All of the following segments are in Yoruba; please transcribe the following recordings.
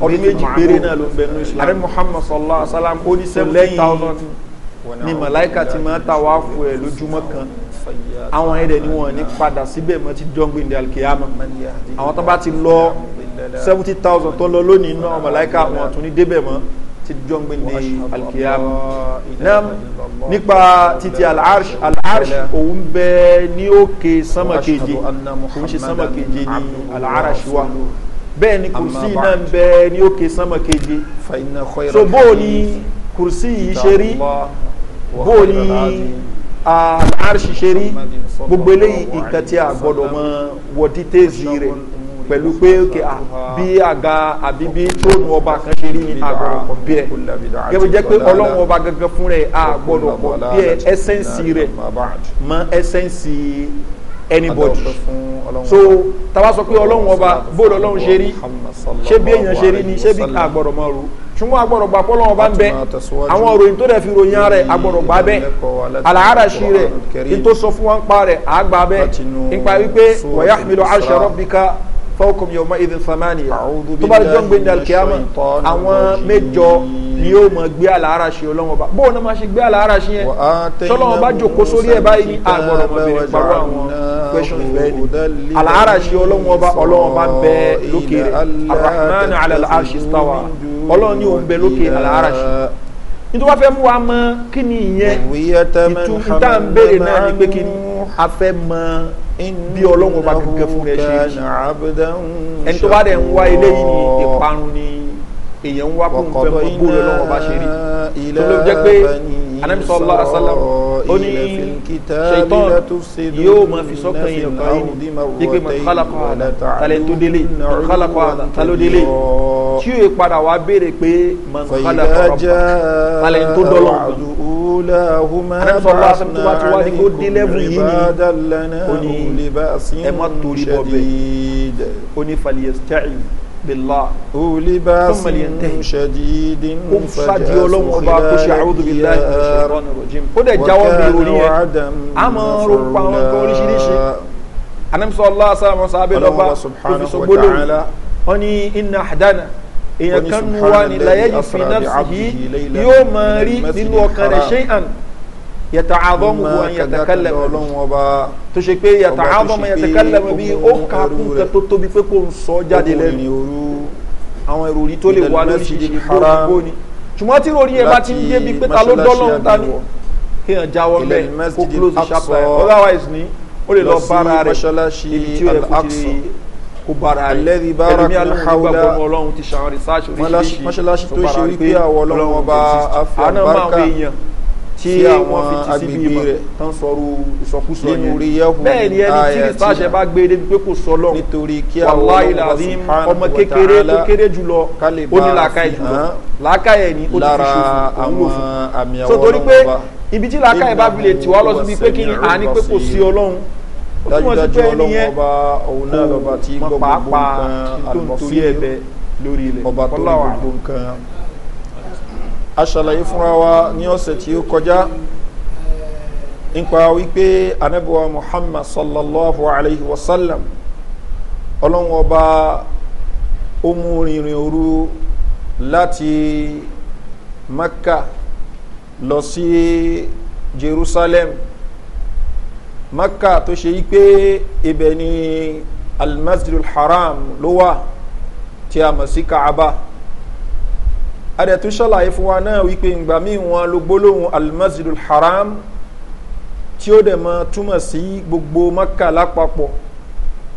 ọdún méjì péré náà ló ń bẹ nínú islam adé muhammad sallallahu alaihi wa sallam ó ní seventeen thousand ni màláìka ti máa ta wá fún ẹ lójúmọ́ kan àwọn ẹ̀dẹ̀ ni wọ́n ní padà síbẹ̀ mọ́ ti jọ́ gbìndé alkiyama àwọn tó bá ti lọ seventy thousand tó lọ lónìí náà màláìka wọn tún ní débẹ̀ mọ́ ti jọ́ gbìndé alkiyama náà nípa títí al'arsh al'arsh òun bẹ ní òkè sánmà keje òun ṣe sánmà keje ní al'arsh wa bẹ́ẹ̀ ni kùrùsí náà ń bẹ ní òkè sánmà keje so bóò ni kùrùsí yìí ṣe rí bóò ni àrṣì ṣe rí gbogbo eléyìí nǹkan tí a gbọ́dọ̀ mọ wọ dítẹ́ẹ̀sì rẹ̀ pẹ̀lú pé bí àga àbí bí tóònù ọba kan ṣe rí ni àgbọ̀dọ̀ kọ̀ bí ẹ̀ gẹ́gẹ́ jẹ́ pé ọlọ́run ọba gangan fún rẹ̀ àgbọ̀dọ̀ kọ̀ bí ẹ̀ ẹsẹ̀nsì rẹ̀ mọ ẹsẹ̀nsì anybody so tàbá sọ pé ọlọ́run ọba bóòlù ọlọ́run ṣe rí ṣé bí èèyàn ṣe rí ni ṣé bí àgbọ̀rọ̀ mọ́ ru ṣùgbọ́n agbọ́dọ̀ gbà pọ́ lọ́wọ́ bá ń bẹ àwọn òròyìn tó rẹ̀ fi ròyìn rẹ̀ agbọ́dọ̀ gbà bẹ́ àlàárà sí rẹ̀ ní tó sọ fún wọn pa rẹ̀ àgbà bẹ́ nípa wípé wọ̀yá mílò aṣọ rọ́bìkà fọ́ọ̀kùn yóò mọ ìdí samani tó bá jọ ń gbé ndal kíámà àwọn mẹ́jọ ni yóò mọ gbé àlàárà sí ọlọ́wọ́ bá bóun náà máa ṣe gbé àlàárà sí yẹn sọlọ́wọ́ bá jòkó sórí ẹ̀ báyìí ní àgbọ̀dọ̀ mọ̀ questions bẹ́ẹ̀ ni alaaraṣi ọlọ́run ọba ọlọ́run ọba ń bẹ lókè rẹ̀ arahman alaaraṣi stawa ọlọ́run ni òun bẹ lókè alaaraṣi nítorí wọ́n fẹ́ mú wa mọ kí ni ìyẹn ìtú níta ń béèrè náà ni pé kí ni a fẹ́ mọ bí ọlọ́run ọba gẹ́gẹ́ fún rẹ̀ ṣe rí ẹni tó bá dẹ̀ ń wá eléyìí ni ìparun ni èèyàn ń wá kó ń fẹ́ mọ bó lọ́wọ́ ọba ṣe rí tó ló jẹ́ pé anamisọ́lá asálàmù ó ní ṣètọ́n yóò máa fi sọ́kàn yìí ọ̀kan yìí ni pé mọ̀ kálàkọ̀ àdá talẹ̀ tó délé mọ̀ kálàkọ̀ àdá talẹ̀ délé tí yóò padà wá béèrè pé mọ̀ kálàkọ̀ àdá talẹ̀ tó dọ́lọ̀ àdúgbòláhùmáà bá ní kó délẹ́bù yìí ni ó ní ẹ̀mọ́ torí bọ̀ bẹ́ẹ̀ ó ní falẹ̀ بالله هو لباس شديد فجاء ọba kò ṣe àwùjọ bíi láì ní ṣètọ́nù rọ̀jìm ó dẹ̀ jáwọ́ bí orí yẹn a máa ń ro pa àwọn nǹkan oríṣiríṣi anamsọ allah asalaamu sábẹ lọba tó fi sọ gbólóhùn wọn ni iná àdánà èèyàn kan nu wa ni láyé yìí fi náà sí yìí yóò máa rí nínú ọkàn rẹ̀ ṣéyàn yàtà àdọ́mù wọn yàtà kálẹ̀mù tó ṣe pé yàtà àdọ́mù yàtà kálẹ̀mù bí ó kà kún kẹ tó tóbi pé kò ń sọ jáde lẹ́nu àwọn ìròrí tó lè wà lóríṣiríṣi gbogbo ni ṣùgbọ́n tí ròrí ẹ̀ bá ti ń yé bi pé ta ló dọ́lọ́run ta ni kí èèyàn jáwọ́ mẹ́ kó close chapter ẹ̀ otherwise ni ó lè lọ bára rẹ̀ ibi tí ó yẹ kó ti kó bára rẹ̀ ẹlòmí alùpùpù gbàgbọ́ ọlọ́run ti ṣàwọn research oríṣiríṣi tó ṣe wípé àwọn ọba afẹ́ àbárkà tí àwọn agbègbè rẹ̀ tán sọrú ìsọkúsọ yẹn bẹ́ẹ̀ ni ẹni tí ìsáṣẹ bá gbé e débi pé kò sọ lọ́wọ́ nítorí kí àwọn ọmọ kékeré tó kéré jùlọ ó ní làákàyè jùlọ làákàyè ni ó ti fi ṣòfò òun lò fún so torí pé ibi tí làákàyè bá bilẹ̀ tiwa lọ síbi pé kí ni à ní pé kò sí ọlọ́run ó túmọ̀ sí pé ẹni yẹn kò mọ pàápàá tó ń torí ẹ̀bẹ̀ lórí ilẹ̀ ọba tó ń gbogbo nǹkan aṣàlàyé fúnra wa ní ọ̀sẹ̀ tí ó kọjá nípa wípé anábíwá muhammad sallallahu alayhi wa sallam ọlọ́run ọba ó mú rìnrìn òru láti makka lọ sí jerusalem makka tó ṣe wípé ibẹ̀ ni almasjid haram ló wà tí a mọ̀ sí kaaba adẹ̀tú ṣàlàyé fún wa náà wípé ìgbà míì wọn ló gbólóhùn almazidul haram tí ó dẹ̀ mọ túmọ̀ sí gbogbo mọ́kà lápapọ̀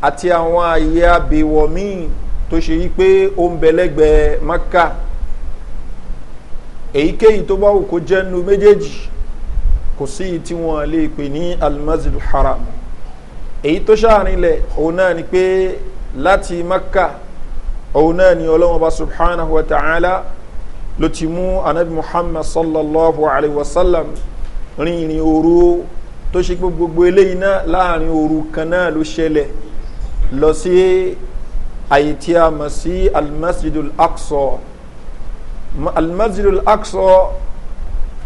àti àwọn àyè àbèwọ̀ míì tó ṣe yí ó ń bẹ lẹ́gbẹ̀ẹ́ èyíkéyìí tó bá wù kó jẹ́nu méjèèjì kò sí i tí wọ́n lè pè ní almazidul haram èyí tó ṣàrinlẹ̀ òun náà ni pé láti mọ́kà òun náà ni ọlọ́wọ́n bá subhanahu wa ta'ala ló ti mú anabi muhammad sallallahu alayhi wa sallam rin ìrìn òru tó ṣe pé gbogbo eléyìí náà láàrin òru kan náà ló ṣẹlẹ̀ lọ sí àyè tí a mọ̀ sí almasjid al-aqsa almasjid aqsa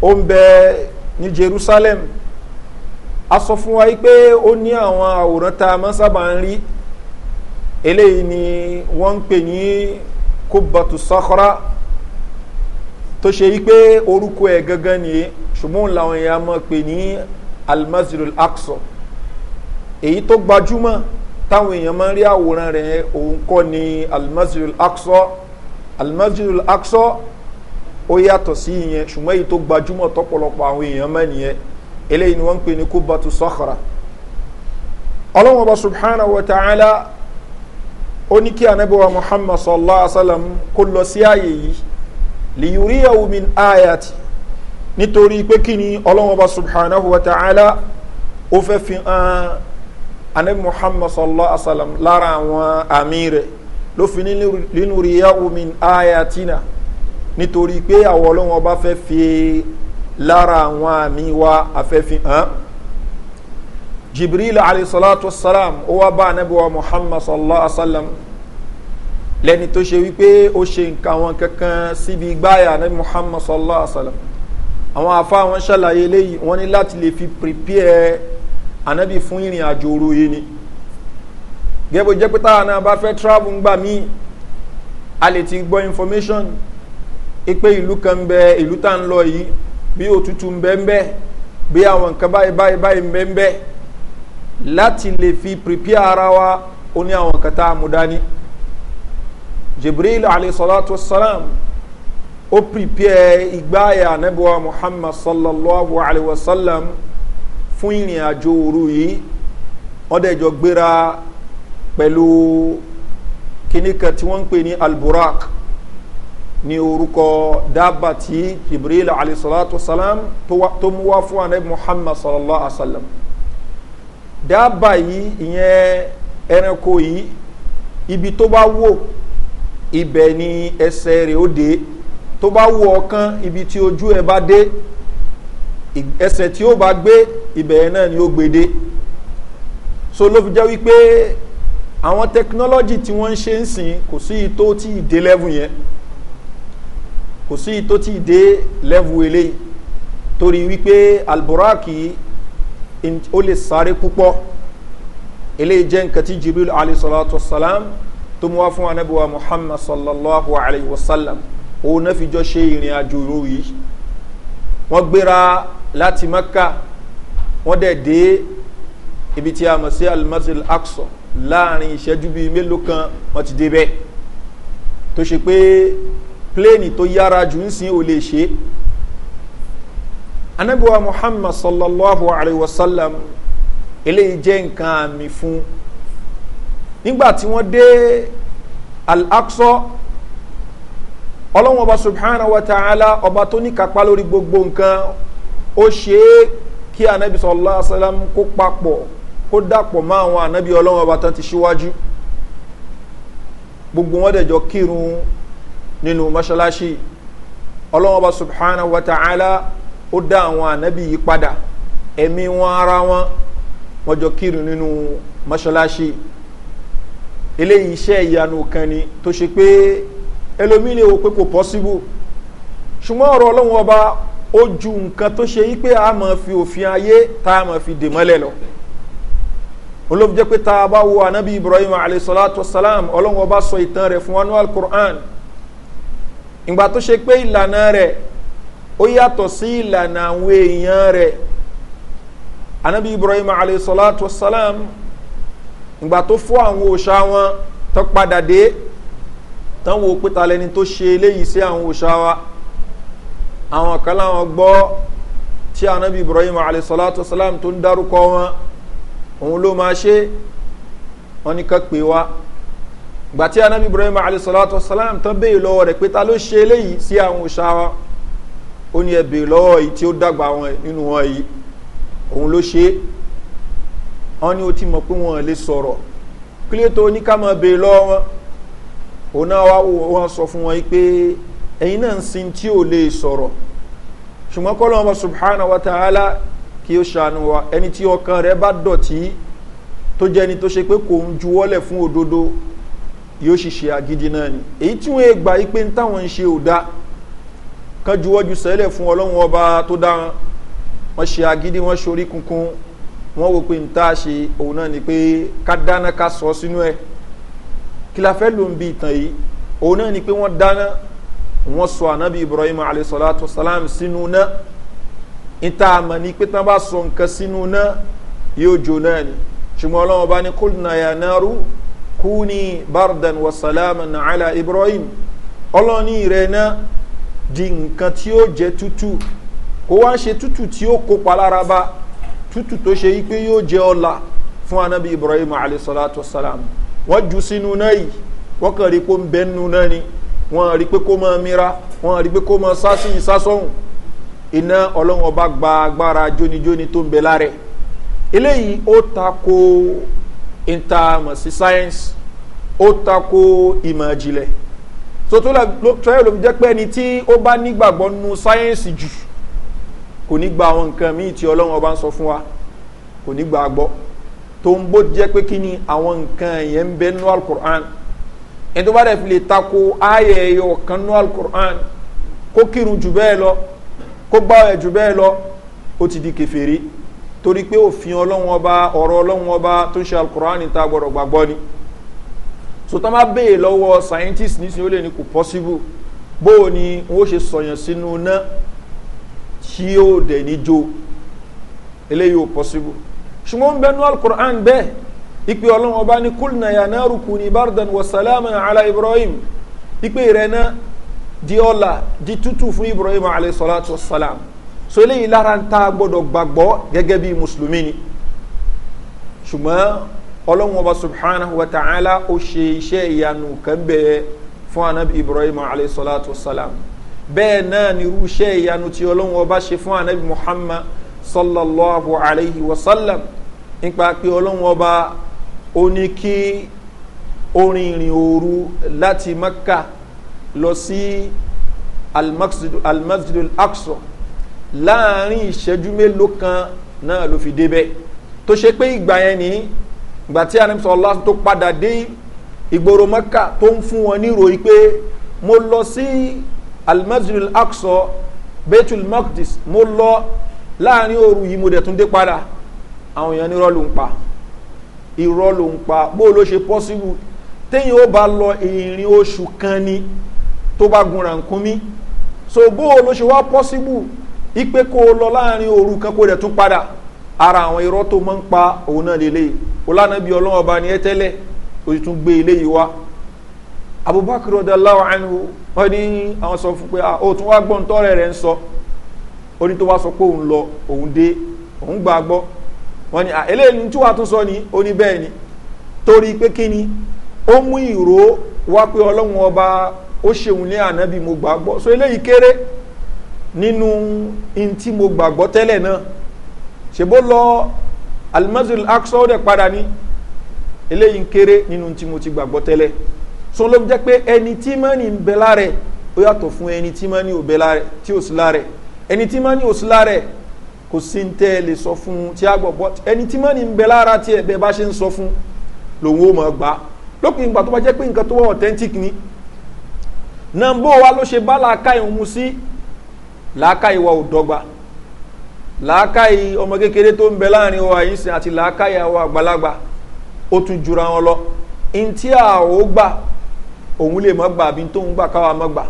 ó ń bẹ ní jerusalem a sọ fún wa pé ó ní àwọn àwòrán tá a máa sábà ń rí eléyìí ni wọ́n ń pè ní kóbatu sakura tó ṣe wípé orúkọ ẹ̀ gangan ni ṣùgbọ́n làwọn èèyàn mọ̀ pé ní almasjid al-aqsa èyí tó gbajúmọ̀ táwọn èèyàn máa ń rí àwòrán rẹ̀ òun kọ́ ni almasjid al-aqsa almasjid ó yàtọ̀ sí ìyẹn ṣùgbọ́n èyí tó gbajúmọ̀ tọ́pọ̀lọpọ̀ àwọn èèyàn mọ̀ nìyẹn eléyìí ni wọ́n ń pè ní kúbatu sọ́kọ̀rà ọlọ́wọ́n bá subhana wa ta'ala ó ní kí anábíwá muhammad sallallahu alaihi wa sallam kó lọ sí ààyè yìí liyuriyahu min ayati nítorí pé kí ni ọlọ́wọ́n bá subhanahu wa ta'ala ó fẹ́ fi hàn anabi muhammad sallallahu alaihi wa sallam lára àwọn àmì rẹ̀ ló fi ní linuriyahu min ayatina nítorí pé àwọn ọlọ́wọ́n bá fẹ́ fi lára àwọn àmì wa afẹ́fi hàn jibril alayhi salatu wa salam ó wá bá anabi muhammad sallallahu alaihi wa sallam lẹ́ni tó ṣe wípé ó ṣe nǹkan àwọn kankan síbi gbáyà nabi muhammad sallallahu alaihi wa sallam àwọn afa wọn ṣàlàyé eléyìí wọn ní láti lè fi prepare anabi fún ìrìn àjò òru yìí ni gẹ́gbẹ́ jẹ́ pé táwọn náà bá fẹ́ travel ńgbà míì a lè ti gbọ́ information ipe ìlú kan ń bẹ ìlú tá ń lọ yìí bí òtútù ń bẹ ń bẹ bí àwọn nǹkan báyìí báyìí báyìí ń bẹ ń bẹ láti lè fi prepare ara wa ó ní àwọn nǹkan tá a mú dání jibril alayhisalatu wasalam ó prepare ìgbáyà anabiwa muhammad sallallahu alayhi wa sallam fún ìrìn àjò òru yìí wọ́n dẹ̀ jọ gbéra pẹ̀lú kíníkà tí wọ́n ń pè ní alburak ní orúkọ dábà tí jibril alayhisalatu wasalam tó mú wá fún anabi muhammad sallallahu alayhi wa sallam dábà yìí ìyẹn ẹranko yìí ibi tó bá wò ibẹ̀ ni ẹsẹ̀ rẹ̀ ó dé tó bá wù ọkàn ibi tí ojú ẹ bá dé ẹsẹ̀ tí ó bá gbé ibẹ̀ náà ni ó gbé dé so ló fi jẹ́ wípé àwọn tẹkinọ́lọ́jì tí wọ́n ń ṣe ń sìn kò sí ìtó tí ìdè lẹ́vù yẹn kò sí ìtó tí ìdè lẹ́vù eléyìí torí wípé alburaki ó lè sáré púpọ̀ eléyìí jẹ́ nǹkan tí jibril alayhi salatu wa salam tó mú wá fún anábíwá muhammad sallallahu alayhi wa sallam òun náà fi jọ ṣe ìrìn àjò yìí wọ́n gbéra láti maka wọ́n dẹ̀ dé ibi tí a mọ̀ sí almasjid aksọ láàrin ìṣẹ́jú bíi mélòó kan wọ́n ti débẹ̀ tó ṣe pé pléènì tó yára jù ń sin ò lè ṣe anábíwá muhammad sallallahu alayhi wa sallam eléyìí jẹ́ nǹkan àmì fún un nígbà tí wọ́n dé al-aqsa ọlọ́wọ́n ọba subhana wa ta'ala ọba tó ní kápá lórí gbogbo nǹkan ó ṣe é kí anabi sọlá asalam kó papọ̀ kó dàpọ̀ mọ́ àwọn anabi ọlọ́wọ́n ọba tán ti ṣíwájú gbogbo wọn dẹ̀jọ kírun nínú mọ́ṣáláṣí ọlọ́wọ́n ọba subhana wa ta'ala ó dá àwọn anabi yìí padà ẹ̀mí wọn ara wọn wọ́n jọ kírun nínú mọ́ṣáláṣí eléyìí iṣẹ́ ìyanu kan ni tó ṣe pé ẹlòmí lè wo pé kò pọ́síbù ṣùgbọ́n ọ̀rọ̀ ọlọ́run ọba ó ju nǹkan tó ṣe yí pé a mọ̀ fi òfin ayé tá a mọ̀ fi dè mọ́lẹ̀ lọ olóòfin jẹ́ pé tá a bá wo anabi ibrahim alayhisalatu salam ọlọ́run ọba sọ ìtàn rẹ̀ fún wanu alukur'an ìgbà tó ṣe pé ìlànà rẹ̀ ó yàtọ̀ sí ìlànà àwọn èèyàn rẹ̀ anabi ibrahim alayhisalatu salam ìgbà tó fọ́ àwọn òòṣà wọn tán padà dé tán wo pé ta lẹni tó ṣe eléyìí sí àwọn òòṣà wa àwọn kan láwọn gbọ́ tí anabi ibrahim alayhisalatu salam tó ń dárúkọ wọn òun ló máa ṣe wọn ni kan pè wá gbà tí anabi ibrahim alayhisalatu salam tán béè lọ́wọ́ rẹ̀ pé ta ló ṣe eléyìí sí àwọn òòṣà wa ó ní ẹ béè lọ́wọ́ yìí tí ó dàgbà wọn nínú wọn yìí òun ló ṣe é wọn ni ó ti mọ̀ pé wọn lè sọ̀rọ̀ kílẹ̀ tó ní ká máa bèè lọ́wọ́ wọn òun náà wá sọ fún wọn pé ẹ̀yin náà ń sin tí ò lè sọ̀rọ̀ ṣùgbọ́n kọ́ lọ́wọ́ subhana wa ta'ala kí ó ṣàánú wa ẹni tí ọkàn rẹ̀ bá dọ̀tí tó jẹ́ ẹni tó ṣe pé kò ń juwọ́lẹ̀ fún òdodo yóò ṣiṣẹ́ agidi náà ni èyí tí wọ́n gbà yí pé táwọn ń ṣe ò dáa kan juwọ́jú sẹ́lẹ̀ fún ọlọ́run ọba tó dáa wọ́n ṣe agidi wọ́n ṣorí kunkun wọ́n wò pé n tá a ṣe òun náà ni pé ká dáná ká sọ sínú ẹ̀ kí la fẹ́ ló ń bi ìtàn yìí òun náà ni pé wọ́n dáná wọ́n sọ ànábì ibrahim alayhisalatu salam sínú náà ìta àmọ́ ni pé tán bá sọ nǹkan sínú náà yóò jò náà ni ṣùgbọ́n ọlọ́run ọba ní kúlùnà náà rú kúni bardan wa salaman ala ibrahim ọlọ́ni rẹ̀ náà di nǹkan tí ó jẹ́ tútù kó wá ń ṣe tútù tí ó kópa lára bá tútù tó ṣe yí pé yóò jẹ́ ọlá fún anábì ibrahim alayhisalaam wọ́n ju sínú náà yìí wọ́n kàn rí pé ń bẹ́ nínú náà ni wọ́n rí pé kó máa mira wọ́n rí pé kó máa sá sí iná ọlọ́run ọba gba agbára jónijóni tó ń bẹ lára ẹ̀ eléyìí ó tako intermercy science ó tako ìmọ̀ ìjìnlẹ̀ tó tó lọ́ọ́ lọ́ọ́ jẹ́ pé ẹni tí ó bá nígbàgbọ́ nínú sáyẹ́ǹsì jù kò ní gba àwọn nǹkan míì tí ọlọ́run ọba ń sọ fún wa kò ní gba gbọ́ tó ń bó jẹ́ pé kí ni àwọn nǹkan yẹn ń bẹ nú alukur'an ẹni tó bá dẹ̀ fi lè tako ayẹ ẹyọ kan nú alukur'an kó kírun jù bẹ́ẹ̀ lọ kó gbáwẹ̀ jù bẹ́ẹ̀ lọ ó ti di kẹfẹ́rí torí pé òfin ọlọ́run ọba ọ̀rọ̀ ọlọ́run ọba tó ń ṣe alukur'an ta gbọ́dọ̀ gbàgbọ́ ni so tán bá béè lọ́wọ́ scientist nísìnyí ó lè ní kò possible bóò ni wọ́n ṣe sọ̀yàn sínú náà tí ó dẹ̀ ní jó eléyìí ò possible ṣùgbọ́n bẹnu alukur'an bẹ́ẹ̀ ìpè ọlọ́run ọba ní kúlìnà yàrá rúkú ní bardan wa salama ala ibrahim ìpè rẹ̀ náà di ọ̀la di tútù fún ibrahim alayhi salatu wa salam so eléyìí lára ń ta gbọ́dọ̀ gbàgbọ́ gẹ́gẹ́ bí mùsùlùmí ni ṣùgbọ́n ọlọ́run ọba subhanahu wa ta'ala ó ṣe iṣẹ́ ìyanu kan bẹ́ẹ̀ fún anabi ibrahim alayhi salatu wa bẹ́ẹ̀ náà ni irúṣẹ́ ìyanu tí ọlọ́run ọba ṣe fún anabi muhammad sallallahu alayhi wa sallam nípa pé ọlọ́run ọba ó ní kí orin ìrìn òru láti maka lọ sí almasjid al-aqsa láàrin ìṣẹ́jú mélòó kan náà ló fi débẹ̀ tó ṣe pé ìgbà yẹn ní ìgbà tí anabi sọlá tó padà dé ìgboro maka tó ń fún wọn ní pé mo lọ sí. Si almasjidul aqsa betul makdis mo lọ láàrin òru yìí mo dẹ̀ tún dé padà àwọn èèyàn nírọ́ ló ń pa irọ́ ló ń pa bó ló ṣe pọ́síbù téèyàn ó bá lọ ìrìn oṣù kan ni tó bá gun rànkúnmí so bó ló ṣe wá pọ́síbù ipe kó lọ láàrin òru kan kó dẹ̀ tún padà ara àwọn irọ́ tó máa ń pa òun náà lélẹ̀ ọlànà bíi ọlọ́wọ́ bá ẹ tẹ́lẹ̀ o tún gbé eléyìí wá abubakar ọdọláwọ àánú wọn ní àwọn sọ fún pé ah, ó tún wá gbọ́n tọ́rẹ̀ rẹ̀ ń sọ ó ní tó wá sọ pé òun lọ òun dé òun gbà gbọ́ wọn ah, ni eléyìí tí wàá tún sọ ni ó ní bẹ́ẹ̀ ni torí pé kí ni ó mú ìró wá pé ọlọ́run ọba ó ṣeun ní ànábì mo gbà gbọ́ so eléyìí kéré nínú in tí mo gbà gbọ́ tẹ́lẹ̀ náà ṣèbó lọ alimazul aksọ́ ó dẹ̀ padà ni. eléyìí kéré nínú tí mo ti gbà gbọ́ tẹ́lẹ̀. so ló jẹ́ pé ẹni tí mọ́ni ń bẹ lára ẹ̀ ó yàtọ̀ fún ẹni tí mọ́ni ò bẹ lára tí ò sí lára ẹ̀ ẹni tí mọ́ni ò sí lára ẹ̀ kò sí ń tẹ́ ẹ lè sọ fún tí a gbọ̀ but ẹni tí mọ́ni ń bẹ lára tí ẹ̀ bá ṣe ń sọ fún lòun ó mọ̀ gbà lópin ìgbà tó bá jẹ́ pé nǹkan tó wọ́n authentic ni nàmbó wa ló ṣe bá làákà ìhun mu sí làákà ìwà ò làákà ì ọmọ kékeré tó ń bẹ láàrin wa yìí sìn àti làákà ìyàwó àgbàlagbà ó tún jura wọn lọ ntí àwọn ó gbà òun lè mọ́ gbà àbí tó gbà káwa mọ́ gbà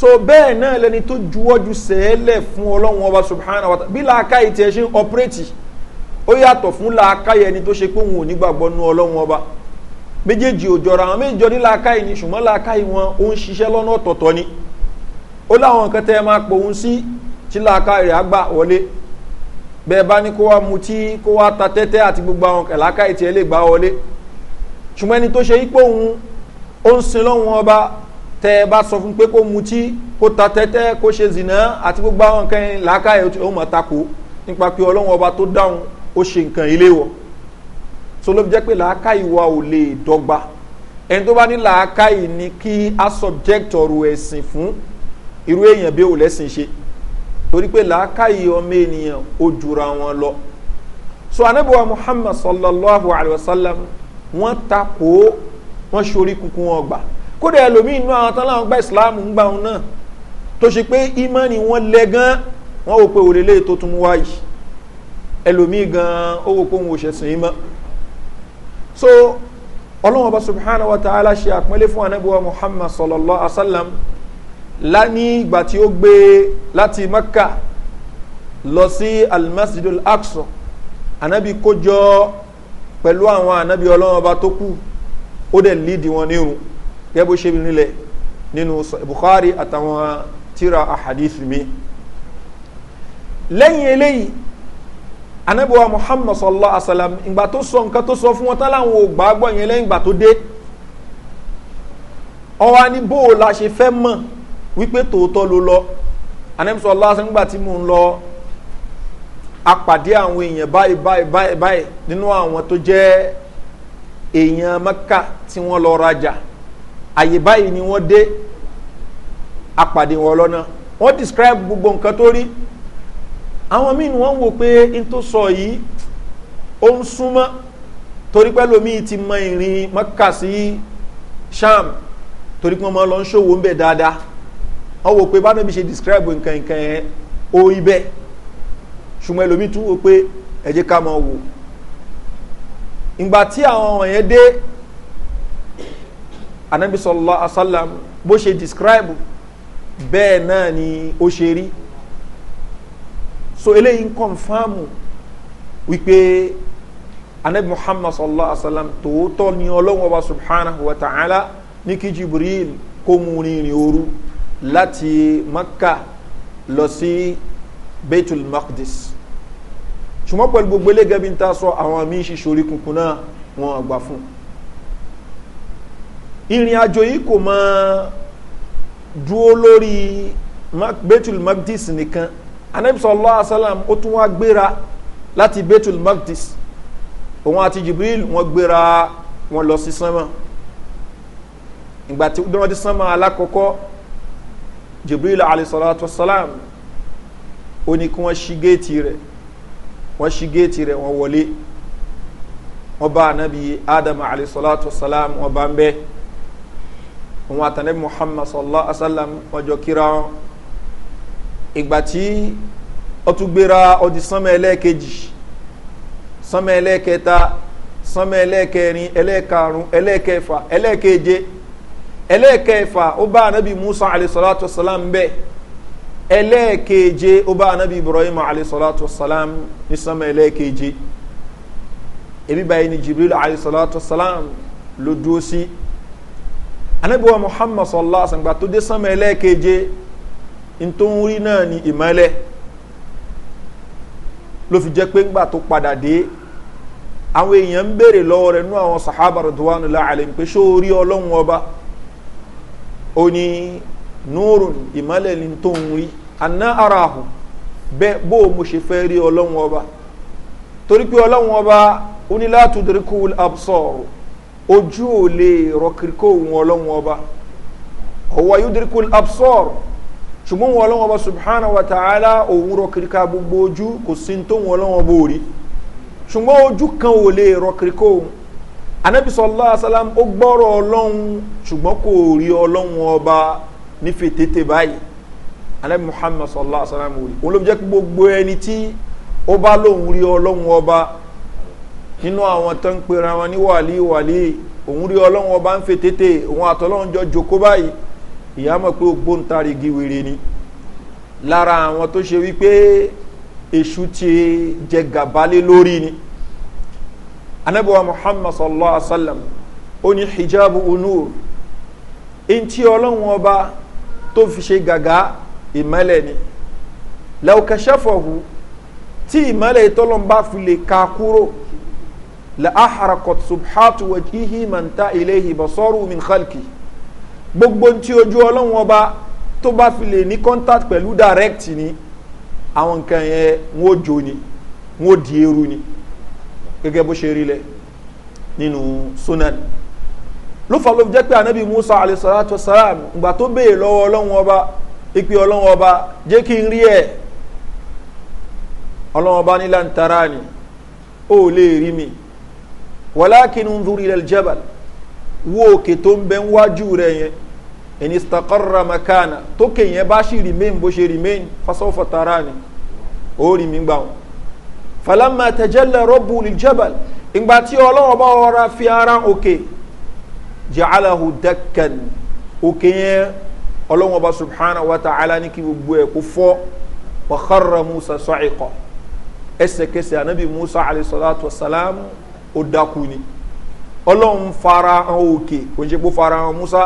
so bẹ́ẹ̀ náà lẹni tó juwọ́jú sẹ́ẹ̀lẹ̀ fún ọlọ́run ọba subhanahu wa ta bí làákàyè tiẹ̀ ṣe ń ọpẹ́rẹ́tì ó yàtọ̀ fún làákàyè ẹni tó ṣe pé òun ò ní gbàgbọ́ nu ọlọ́run ọba méjèèjì ò jọra àwọn méjèèjì ní làákàyè ni ṣùgbọ́n làákàyè wọn ó ń ṣiṣẹ́ lọ́nà ọ̀tọ̀ọ̀tọ̀ ni ó láwọn nǹkan tẹ́ ẹ máa pò ń sí tí làákàyè rẹ̀ á gbà wọlé bẹ́ẹ̀ bá ní kó wá mutí kó wá ta tẹ́tẹ́ àti gbogbo àwọn làákàyè tiẹ̀ lè gbà wọlé ṣùgbọ́n ẹni tó ṣe yí pé òun ó ń sin lọ́wọ́n ọba tẹ ẹ bá sọ fún pé kó mutí kó ta tẹ́tẹ́ kó ṣe zìnà àti gbogbo àwọn nǹkan yẹn làákàyè ó mọ̀ tako nípa pé ọlọ́wọ́n ọba tó dáhùn ó ṣe nǹkan ilé wọ̀ so ló jẹ́ pé làákàyè wa ò lè dọ́gba ẹni tó bá ní làákàyè ni kí a subject ọ̀rọ̀ ẹ̀sìn fún irú èèyàn bí ò lẹ́sìn ṣe torí pé làákàyè ọmọ ènìyàn ó jura wọn lọ so anabiwa muhammad sallallahu alayhi wa sallam wọn tako wọ́n ṣorí kunkun wọn gbà kódà ẹlòmíì inú àwọn tán láwọn gba ìsìláàmù ń gbà wọn náà tó ṣe pé ìmọ̀ ni wọ́n lẹ gan wọ́n wò pé òrèlè tó tún mú wáyìí ẹlòmíì gan ó wò pé òun ò ṣẹ̀sìn ìmọ̀ so ọlọ́wọ́n bá subhana wa ta'ala ṣe àpẹẹlẹ fún anábíwá muhammad sallallahu alaihi wa sallam lání ìgbà tí ó gbé láti makka lọ sí almasjidul aqsa anábì kójọ pẹ̀lú àwọn anábì ọlọ́wọ́n bá tó kù ó dẹ̀ lídìí wọn nírun gẹ́gẹ́ bó ṣe nílẹ̀ nínú buhari àtàwọn tíra ahadith mi lẹ́yìn eléyìí anabiwa muhammad sallallahu alaihi wa sallam ìgbà tó sọ nǹkan tó sọ fún wọn tán ò gbàgbọ́ yẹn lẹ́yìn ìgbà tó dé ọwọ́ ni bó o la ṣe fẹ́ mọ̀ wípé tòótọ́ ló lọ anabi sallallahu alaihi wa sallam nígbà tí mò ń lọ apàdé àwọn èèyàn báyìí báyìí báyìí nínú àwọn tó jẹ́ èèyàn mẹ́ka tí wọ́n lọ rajà àyè báyìí ni wọ́n dé apàdé wọn lọ́nà wọ́n describe gbogbo nǹkan tó rí àwọn míì ni wọ́n wò pé n tó sọ yìí ó ń súnmọ́ torí pẹ́ lómi ti mọ ìrìn mẹ́ka sí sham torí pé wọ́n máa lọ ń ṣòwò ń bẹ̀ dáadáa wọ́n wò pé báwọn bí ṣe describe nǹkan nǹkan yẹn ó ibẹ̀ ṣùgbọ́n ẹlòmíì tún wò pé ẹ̀jẹ̀ ká máa wò ìgbà tí àwọn wọ̀nyẹn dé anabi sọlọ asalam bó ṣe describe bẹ́ẹ̀ náà ni ó ṣe rí so eléyìí ń kọ́nfàmù wípé anabi muhammad sọlọ asalam tòótọ́ ni ọlọ́wọ́n wa subhanahu wa ta'ala ní kí jibril kó mu rìnrìn òru láti makka lọ sí baitul maqdis ṣùgbọ́n pẹ̀lú gbogbo elégẹ́ bí n ta sọ àwọn míì ṣe ṣorí kunkun náà wọn àgbà fún ìrìn àjò yìí kò mọ dúó lórí betul magdis nìkan anabisa allah asalam ó tún wá gbéra láti betul magdis òun àti jibril wọn gbéra wọn lọ sí sánmọ ìgbà tí wọn ti sánmọ alákọ̀ọ́kọ́ jibril alayhi salatu wa salam ó ní kí wọ́n ṣí géètì rẹ̀ wọ́n ṣí géètì rẹ̀ wọ́n wọlé wọ́n bá anabi adam alayhisalatu salam wọ́n bá ń bẹ́ wọn àtànẹ́bí muhammad sallallahu alayhi wa sallam wọ́n jọ kíra wọn ìgbà tí ó tún gbéra ọdí sánmọ́ ẹlẹ́ẹ̀kejì sánmọ́ ẹlẹ́ẹ̀kẹta sánmọ́ ẹlẹ́ẹ̀kẹrin ẹlẹ́ẹ̀karùn ẹlẹ́ẹ̀kẹfà ẹlẹ́ẹ̀keje ẹlẹ́ẹ̀kẹfà ó bá anabi musa alayhisalatu salam bẹ́ẹ̀ ẹlẹ́ẹ̀keje ó bá anabi ibrahim alayhisalatu salam ní sọmọ ẹlẹ́ẹ̀keje ebi báyìí ni jibril alayhisalatu salam ló dúró sí anabi wa muhammad sallallahu alayhi wa sallam gba tó dé sọmọ ẹlẹ́ẹ̀keje ntòhúnrí náà ni ìmọ̀lẹ́ ló fi jẹ́ pé ńgbà tó padà dé àwọn èèyàn ń béèrè lọ́wọ́ rẹ̀ nú àwọn sahaba rẹ̀ tó wà nílẹ̀ àlẹ́ pé ṣó ọlọ́run ọba ó ní nùrùn ìmọ̀lẹ̀ ni tó ń rí àná ara hù bẹ́ẹ̀ bó mo ṣe fẹ́ rí ọlọ́run ọba torí pé ọlọ́run ọba onílàtúndínlẹ́kù absọ̀rọ̀ ojú ò lè rọkìrìkò òun ọlọ́run ọba ọwọ́ ayúndínlẹ́kù absọ̀rọ̀ ṣùgbọ́n wọn ọlọ́wọ́ bá subhanahu wa ta'ala òun rọ kìríkà gbogbo ojú kò sí tó wọn ọlọ́wọ́ bó rí ṣùgbọ́n ojú kan ò lè rọ kìríkà òun anabi sọlá asalam ó gbọ́rọ̀ ọlọ́run ṣùgbọ́n kò rí ọlọ́run ọba nífẹ̀ẹ́ tètè báyìí alẹ́ muhammed sallallahu alayhi wa sallam wòlíì òun ló jẹ́ gbogbo ẹni tí ó bá lóun rí ọlọ́run ọba nínú àwọn tó ń pera wọn ní wàlí wàlí òun rí ọlọ́run ọba ń fẹ́ tètè òun àtọ́lọ́run jọ jòkó báyìí ìyá mọ̀ pé ògbóǹtarìgì wèrè ni lára àwọn tó ṣe wípé èṣù ti jẹ gàbálé lórí ni anabiwa muhammad sallallahu alaihi wa sallam ó ní hijabu unur eŋti ọlọ́run ọba tó fi ṣe gàgá ìmọ́lẹ̀ ni lẹ́ọ̀kẹ́ṣẹ́fọ̀hù tí ìmọ́lẹ̀ ìtọ́lọ́mbà fi lè ka kúrò la'aharakot subhatu wajihi manta ilehi basoru min khalki gbogbo tí ojú ọlọ́run ọba tó bá fi lè ní contact pẹ̀lú direct ni àwọn nǹkan yẹn wọ́n jò ni wọ́n di eru ni gẹ́gẹ́ bó ṣe rí lẹ̀ nínú sunan. No, ló fà ló jẹ́ pé anabi musa alayhisalatu wasalam ìgbà tó béè lọ́wọ́ ọlọ́run ọba ìpè ọlọ́run ọba jẹ́ kí n rí ẹ̀ ọlọ́run ọba nílá ń tara ni ó lè rí mi wàlákin ń dúró ilẹ̀ jẹ́bàl wo òkè tó ń bẹ ń wájú rẹ̀ yẹn ẹni stakarra makana tókè yẹn bá sì remain bó ṣe remain fasọ́fọ́ tara ni ó rí mi gbà wọn falama tẹjẹlẹ rọ́bù ilẹ̀ jẹ́bàl ìgbà tí ọlọ́run ọba ọra fi ara òkè. Okay jàcàlàhù dẹ́kẹ̀n òkè yẹn ọlọ́wọ́n bá subhana wa ta'ala ní kí gbogbo ẹ̀ kó fọ́ wà kárra musa sọ́ọ̀ìkọ̀ ẹsẹ̀kẹsẹ̀ anabi musa alayhisalatu wasalam ó dákú ni ọlọ́run fara hàn òkè kò ń ṣe pé fara hàn musa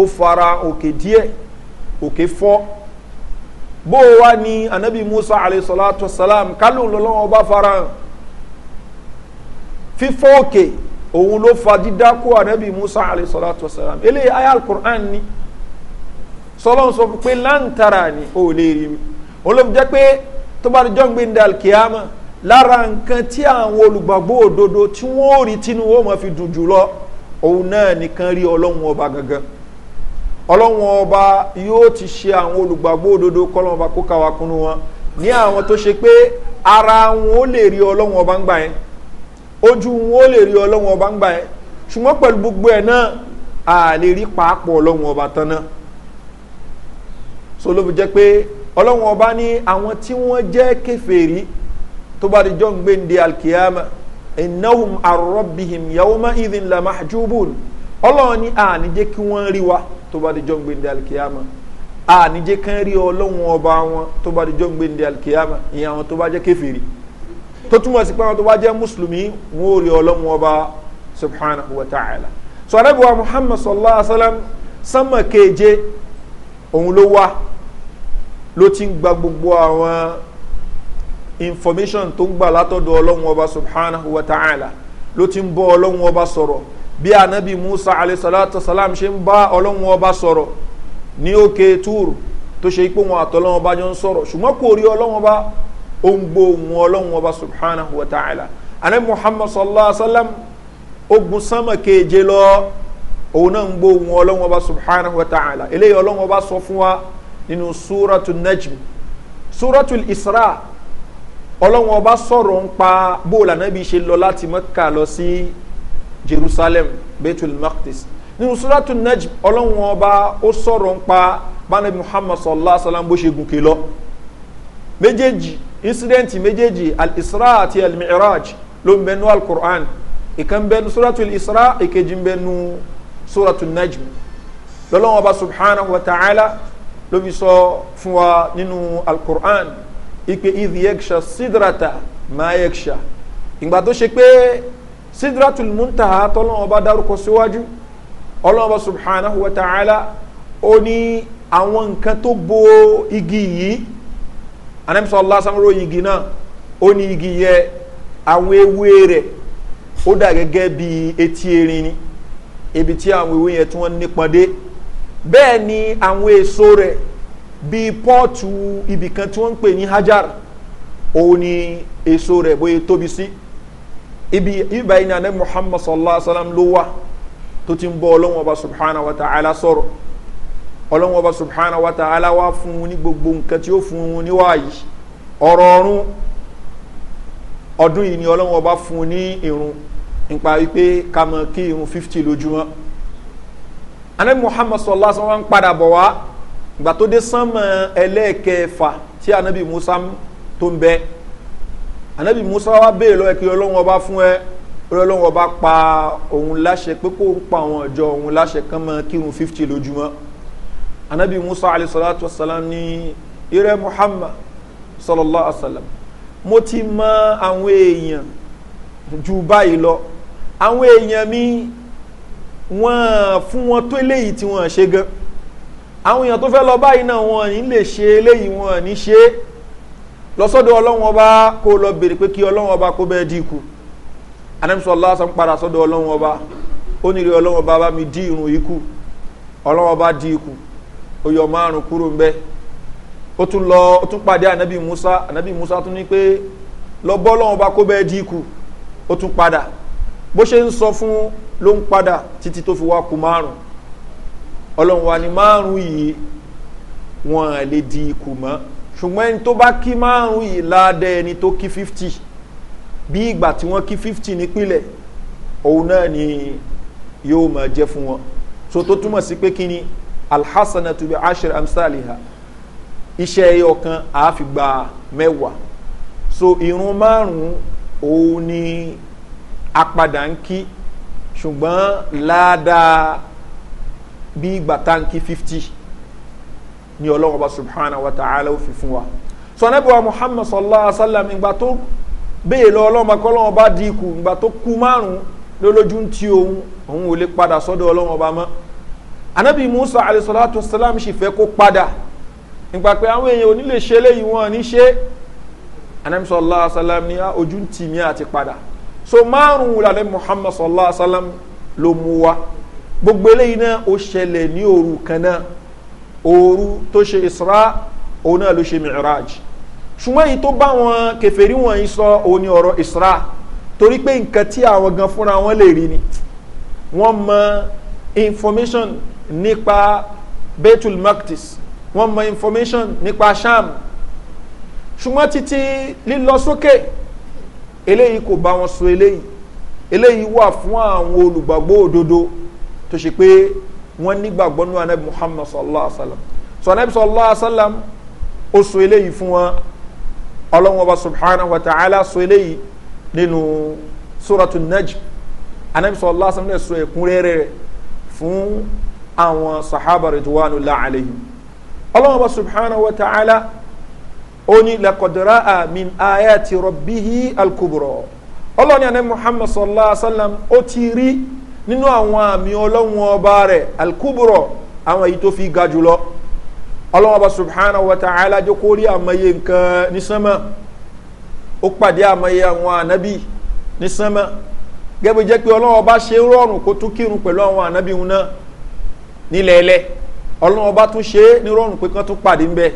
ó fara òkè díẹ̀ òkè fọ́ bó o wá ní anabi musa alayhisalatu wasalam kálù lọ́lọ́wọ́n bá fara hàn fífọ́ òkè. Okay òun ló fa dídákó anabi musa alayhi salatu wa salam eléyìí ayé alukur'an ni sọlọ́n sọ fún pé láǹtara ni ó lè rí mi òun ló fi jẹ́ pé tó bá jọ́ gbé ní lára nǹkan tí àwọn olùgbàgbọ́ òdodo tí wọ́n ọba gangan ọlọ́run ọba yóò ti ṣe àwọn olùgbàgbọ́ òdodo kọ́lọ́run ọba kó kàwá wọn ní àwọn tó ara wọn ó lè rí ọba ń ojú wọn ó lè rí ọlọ́run ọba ń gbà ẹ́ ṣùgbọ́n pẹ̀lú gbogbo ẹ̀ náà a lè rí pàápọ̀ ọlọ́run ọba tán náà so ló fi jẹ́ pé ọlọ́run ọba ní àwọn tí wọ́n jẹ́ kẹfẹ́rí tó bá di john gbéǹde alkiyama ìnáhùn arọ́bìhìm yahoma ìdín lamajubun ọlọ́run ní a ní jẹ́ kí wọ́n rí wa tó bá di john gbéǹde alkiyama a ní jẹ́ kán rí ọlọ́run ọba wọn tó bá di john gbéǹde alkiyama ìyẹn tó bá jẹ́ kẹfẹ́rí tó túmọ̀ sí pé àwọn tó wá jẹ́ mùsùlùmí wọn ò rí ọlọ́mú ọba subhanahu wa ta'ala so arábìwá muhammad sallallahu alaihi wa sallam sánmà keje òun ló wá ló ti ń gba gbogbo àwọn information tó ń gbà látọ̀dọ̀ ọlọ́mú ọba subhanahu wa ta'ala ló ti ń bọ́ ọlọ́run ọba sọ̀rọ̀ bí anabi musa alayhisalatu salam ṣe ń bá ọlọ́run ọba sọ̀rọ̀ ní òkè túr tó ṣe pé wọn àtọ́lọ́run jọ ń sọ̀rọ̀ ṣùgbọ́n kò rí ọlọ́run ó ń gbó ohun ọlọ́run ọba subhanahu wa ta'ala anabi muhammad sallallahu alaihi wa sallam ó gun sánmà keje lọ òun náà ń gbó ohun ọlọ́run ọba subhanahu wa ta'ala eléyìí ọlọ́run ọba sọ fún wa nínú súratu najm súratu isra ọlọ́run ọba sọ̀rọ̀ ń pa bóòlù anabi ṣe lọ láti mẹ́ka lọ sí jerusalem betul maqdis nínú súratu najm ọlọ́run ọba ó sọ̀rọ̀ ń pa bánàbí muhammad sallallahu alaihi wa sallam bó ṣe gùn kè lọ méjèèjì incident méjèèjì al-isra àti al-mi'raj ló ń bẹnu al-qur'an ìkan bẹnu suratul isra ìkejì bẹnu suratul najm lọ́lọ́wọ́ bá subhanahu wa ta'ala ló fi sọ fún wa nínú al-qur'an ipe idh yaksha sidrata ma yaksha ìgbà tó ṣe pé sidratul muntaha tọ́lọ́wọ́ bá dárúkọ síwájú ọlọ́wọ́ bá subhanahu wa ta'ala ó ní àwọn nǹkan tó bo igi yìí anamisa ọlásán ro igi náà ó ní igi yẹ àwọn ewé rẹ̀ ó dà gẹ́gẹ́ bí etí erin ni ibi tí àwọn ewé yẹn tí wọ́n nípọn dé bẹ́ẹ̀ ni àwọn èso rẹ̀ bíi pọ́ọ̀tù ibìkan tí wọ́n ń pè ní hajar òun ni èso rẹ̀ bóyá tóbi sí ibi ibàyìn ní anabi muhammad sallallahu alaihi wa sallam ló wà tó ti ń bọ́ ọlọ́wọ́n subhanahu wa ta'ala sọ̀rọ̀ ọlọ́run ọba subhana wa ta aláwa fún un ní gbogbo nǹkan tí ó fún un níwáyìí ọ̀rọ̀ ọ̀run ọdún yìí ni ọlọ́run ọba fún un ní irun nípa wípé ká mọ kí irun fifty lójúmọ́ anabi muhammad sọlá sọ wọn ń padà bọ̀ wá ìgbà tó dé sánmọ̀ ẹlẹ́ẹ̀kẹfà tí anabi musa tó ń bẹ anabi musa wa béèrè lọ́wọ́ kí ọlọ́run ọba fún ẹ ọlọ́run ọba pa òun láṣẹ pé kó pa àwọn ọjọ́ òun láṣẹ kán mọ kírun fifty lójúmọ́ anabi musa alayhisalatu wasalam ní irẹ́ muhammad sallallahu alayhi wa sallam mo ti mọ àwọn èèyàn ju báyìí lọ àwọn èèyàn mi wọ́n fún wọn tó eléyìí tí wọ́n ṣe gan àwọn èèyàn tó fẹ́ lọ báyìí náà wọ́n ní lè ṣe eléyìí wọ́n ní ṣe lọ́sọ́dọ̀ ọlọ́run ọba kó lọ bèrè pé kí ọlọ́run ọba kó bẹ́ẹ̀ dínkù anamisọ lásán padà sọ́dọ̀ ọlọ́run ọba ó nílé ọlọ́run ọba bá mi dín irun yìí kù ọlọ́run ọba dín ikù ó yọ márùn kúrò ń bẹ́ ó tún lọ ó tún pàdé ànábì musa ànábì musa tún ní pé lọ bọ́ lọ́wọ́n bá kó bẹ́ẹ̀ dínkù ó tún padà bó ṣe ń sọ fún ló ń padà títí tó fi wá ku márùn ọlọ́run wa ni márùn yìí wọn lè di mọ́ ṣùgbọ́n ẹni tó bá kí márùn yìí ládẹ́ ẹni tó kí fifty bí ìgbà tí wọ́n kí fifty nípìnlẹ̀ òun náà ni yóò máa jẹ́ fún wọn so tó túmọ̀ sí pé kí ni alhassan tubi ashir amsaliha iṣẹ́ ẹyọ kan àáfi gba mẹ́wàá so irun márùn-ún òun ni apadà ń kí ṣùgbọ́n ládàá bí ìgbà táǹkì fifty ni ọlọ́run ọba subhana wa ta'ala ó fi fún wa sọ̀nẹ́bùwà muhammad sallallahu alaihi wa sallam ìgbà tó béè lọ ọlọ́run ọba ọlọ́run ọba dínkù ìgbà tó kú márùn-ún lólójú ti òun òun ò lè padà sọ́dọ̀ ọlọ́run ọba mọ́ anabi musa alayhisalatu salam sì fẹ́ kó padà nípa pé àwọn èèyàn ò ní lè ṣe léyìí wọn ní ṣe anabi sallallahu alayhi wa sallam ní ah, ojú ń tì mí àti padà so márùn-ún lànà muhammad sallallahu alayhi wa sallam ló mú wa gbogbo eléyìí náà ó ṣẹlẹ̀ ní òru kan náà tó ṣe isra òun náà ló ṣe mi'raj ṣùgbọ́n èyí tó bá wọn kẹfẹ́rí wọ̀nyí sọ òun ni ọ̀rọ̀ isra torí pé nǹkan àwọn gan fúnra wọn lè rí ni wọ́n mọ information nípa betul maktis wọ́n mọ information nípa sham ṣùgbọ́n títí lílọ sókè eléyìí kò bá wọn so eléyìí eléyìí wà fún àwọn olùgbàgbọ́ òdodo tó ṣe pé wọ́n nígbàgbọ́ nínú anabi muhammad sallallahu alaihi wa sallam so anabi sallallahu alaihi wa sallam ó so eléyìí fún wọn ọlọ́wọ́n ọba subhanahu wa ta'ala so eléyìí nínú sóràtún najm anabi sallallahu alaihi wa sallam lè so ẹ̀kúnrẹ́rẹ́ fún àwọn sahaba rituwanu la'alayhim ọlọ́wọ́n bá subhana wa ta'ala ó ní lakọ̀dọ̀rá a min aya ti rọ̀bíhi alkuburo ọlọ́ni àná muhammad sallallahu alaihi wa sallam ó ti rí nínú àwọn àmì ọlọ́wọ́n ọba rẹ̀ alkuburo àwọn èyí tó fi ga jùlọ ọlọ́wọ́n bá subhana wa ta'ala jẹ́ kó rí àmọye nǹkan pàdé àmọye àwọn ànábì ní sánmà jẹ́ pé ọlọ́wọ́n bá ṣe rọrùn kó tún kírun pẹ̀lú àwọn ànábì wọn náà nílẹ̀ ẹlẹ́ ọlọ́run ọba tún ṣe é nírọ̀rùn pé kán tún pàdé ń bẹ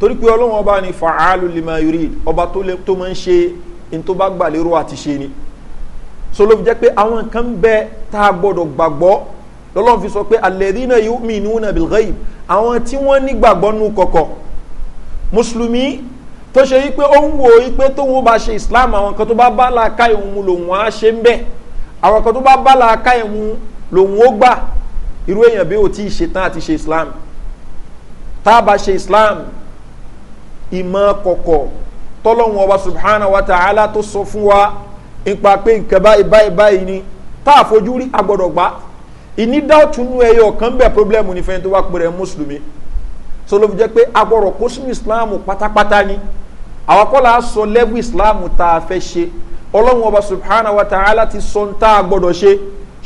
torí pé ọlọ́run ọba ni fàálù lima yurid ọba tó máa ń ṣe ní tó bá gbà lérò àti ṣe ni so ló fi jẹ́ pé àwọn nǹkan bẹ tá a gbọ́dọ̀ gbàgbọ́ lọ́lọ́run fi sọ pé alẹ́dínà yóò mí inú nàbìl ghaib àwọn tí wọ́n ní gbàgbọ́ nù kọ̀kọ̀ mùsùlùmí tó ṣe yí pé ó ń wo yí pé tóun bá ṣe islam àwọn kan tó bá bá làákàyè òun lòun á ṣe ń bẹ̀ àwọn kan tó bá bá làákàyè òun lòun ó gbà irú èèyàn bí o ti ṣetán àti ṣe islam tá a bá ṣe islam ìmọ̀ kọ̀kọ̀ tọ́lọ́hún ọba subhanahu wa ta'ala tó sọ fún wa nípa pé nǹkan báyìí báyìí báyìí ni tá a fojú rí agbọ́dọ̀ gbá ìní dáùtúnú ẹyọ kan bẹ̀ pọ́blẹ́mù ní fẹ́ni tó wá pèrè mùsùlùmí so ló fi jẹ́ pé agbọ́dọ̀ kó sínú islam pátápátá ni àwọn kọ́lá sọ lẹ́bù islam tá a fẹ́ ṣe ọlọ́hún ọba subhanahu wa ta'ala ti sọ ń tá a gbọ́dọ̀ ṣe